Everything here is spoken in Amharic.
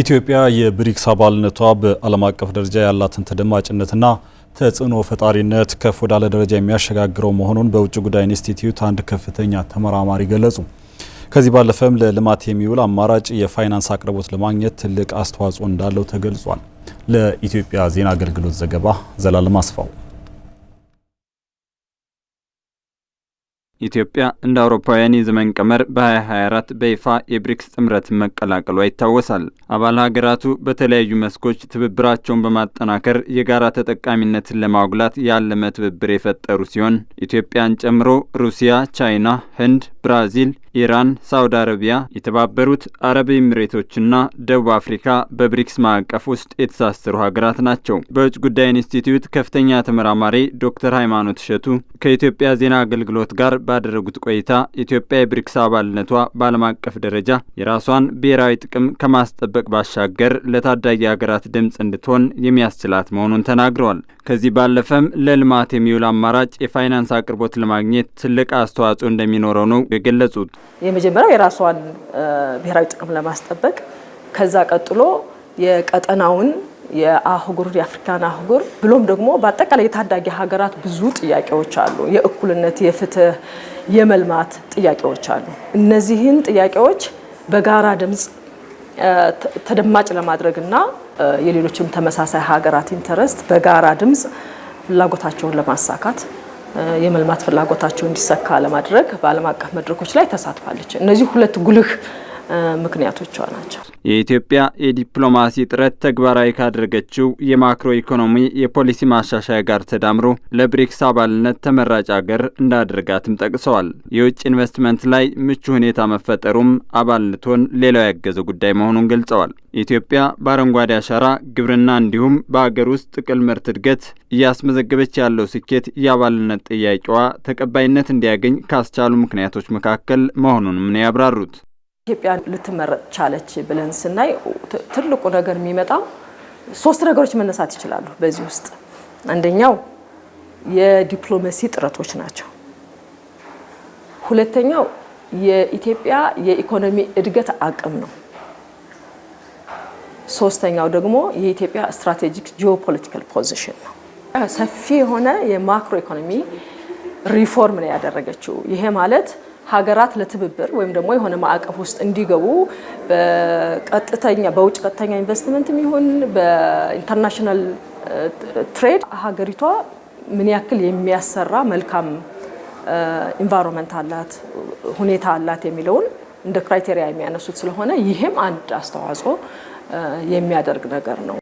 ኢትዮጵያ የብሪክስ አባልነቷ በዓለም አቀፍ ደረጃ ያላትን ተደማጭነትና ተጽዕኖ ፈጣሪነት ከፍ ወዳለ ደረጃ የሚያሸጋግረው መሆኑን በውጭ ጉዳይ ኢንስቲትዩት አንድ ከፍተኛ ተመራማሪ ገለጹ። ከዚህ ባለፈም ለልማት የሚውል አማራጭ የፋይናንስ አቅርቦት ለማግኘት ትልቅ አስተዋጽኦ እንዳለው ተገልጿል። ለኢትዮጵያ ዜና አገልግሎት ዘገባ ዘላለም አስፋው ኢትዮጵያ እንደ አውሮፓውያን የዘመን ቀመር በ2024 በይፋ የብሪክስ ጥምረትን መቀላቀሏ ይታወሳል። አባል ሀገራቱ በተለያዩ መስኮች ትብብራቸውን በማጠናከር የጋራ ተጠቃሚነትን ለማጉላት ያለመ ትብብር የፈጠሩ ሲሆን ኢትዮጵያን ጨምሮ ሩሲያ፣ ቻይና፣ ህንድ፣ ብራዚል ኢራን፣ ሳውዲ አረቢያ፣ የተባበሩት አረብ ኤሚሬቶችና ደቡብ አፍሪካ በብሪክስ ማዕቀፍ ውስጥ የተሳሰሩ ሀገራት ናቸው። በውጭ ጉዳይ ኢንስቲትዩት ከፍተኛ ተመራማሪ ዶክተር ሃይማኖት እሸቱ ከኢትዮጵያ ዜና አገልግሎት ጋር ባደረጉት ቆይታ ኢትዮጵያ የብሪክስ አባልነቷ በዓለም አቀፍ ደረጃ የራሷን ብሔራዊ ጥቅም ከማስጠበቅ ባሻገር ለታዳጊ ሀገራት ድምፅ እንድትሆን የሚያስችላት መሆኑን ተናግረዋል። ከዚህ ባለፈም ለልማት የሚውል አማራጭ የፋይናንስ አቅርቦት ለማግኘት ትልቅ አስተዋጽኦ እንደሚኖረው ነው የገለጹት። የመጀመሪያው የራሷን ብሔራዊ ጥቅም ለማስጠበቅ ከዛ ቀጥሎ የቀጠናውን የአህጉር የአፍሪካን አህጉር ብሎም ደግሞ በአጠቃላይ የታዳጊ ሀገራት ብዙ ጥያቄዎች አሉ። የእኩልነት፣ የፍትህ፣ የመልማት ጥያቄዎች አሉ። እነዚህን ጥያቄዎች በጋራ ድምፅ ተደማጭ ለማድረግ እና የሌሎችም ተመሳሳይ ሀገራት ኢንተረስት በጋራ ድምፅ ፍላጎታቸውን ለማሳካት የመልማት ፍላጎታቸው እንዲሰካ ለማድረግ በዓለም አቀፍ መድረኮች ላይ ተሳትፋለች። እነዚህ ሁለት ጉልህ ምክንያቶቿ ናቸው። የኢትዮጵያ የዲፕሎማሲ ጥረት ተግባራዊ ካደረገችው የማክሮ ኢኮኖሚ የፖሊሲ ማሻሻያ ጋር ተዳምሮ ለብሪክስ አባልነት ተመራጭ አገር እንዳደረጋትም ጠቅሰዋል። የውጭ ኢንቨስትመንት ላይ ምቹ ሁኔታ መፈጠሩም አባልነቶን ሌላው ያገዘው ጉዳይ መሆኑን ገልጸዋል። ኢትዮጵያ በአረንጓዴ አሻራ ግብርና፣ እንዲሁም በአገር ውስጥ ጥቅል ምርት እድገት እያስመዘገበች ያለው ስኬት የአባልነት ጥያቄዋ ተቀባይነት እንዲያገኝ ካስቻሉ ምክንያቶች መካከል መሆኑንም ነው ያብራሩት። ኢትዮጵያ ልትመረጥ ቻለች ብለን ስናይ ትልቁ ነገር የሚመጣው ሶስት ነገሮች መነሳት ይችላሉ። በዚህ ውስጥ አንደኛው የዲፕሎማሲ ጥረቶች ናቸው። ሁለተኛው የኢትዮጵያ የኢኮኖሚ እድገት አቅም ነው። ሶስተኛው ደግሞ የኢትዮጵያ ስትራቴጂክ ጂኦፖለቲካል ፖዚሽን ነው። ሰፊ የሆነ የማክሮ ኢኮኖሚ ሪፎርም ነው ያደረገችው። ይሄ ማለት ሀገራት ለትብብር ወይም ደግሞ የሆነ ማዕቀፍ ውስጥ እንዲገቡ በቀጥተኛ በውጭ ቀጥተኛ ኢንቨስትመንት ይሁን በኢንተርናሽናል ትሬድ ሀገሪቷ ምን ያክል የሚያሰራ መልካም ኢንቫይሮንመንት አላት ሁኔታ አላት የሚለውን እንደ ክራይቴሪያ የሚያነሱት ስለሆነ ይህም አንድ አስተዋጽኦ የሚያደርግ ነገር ነው።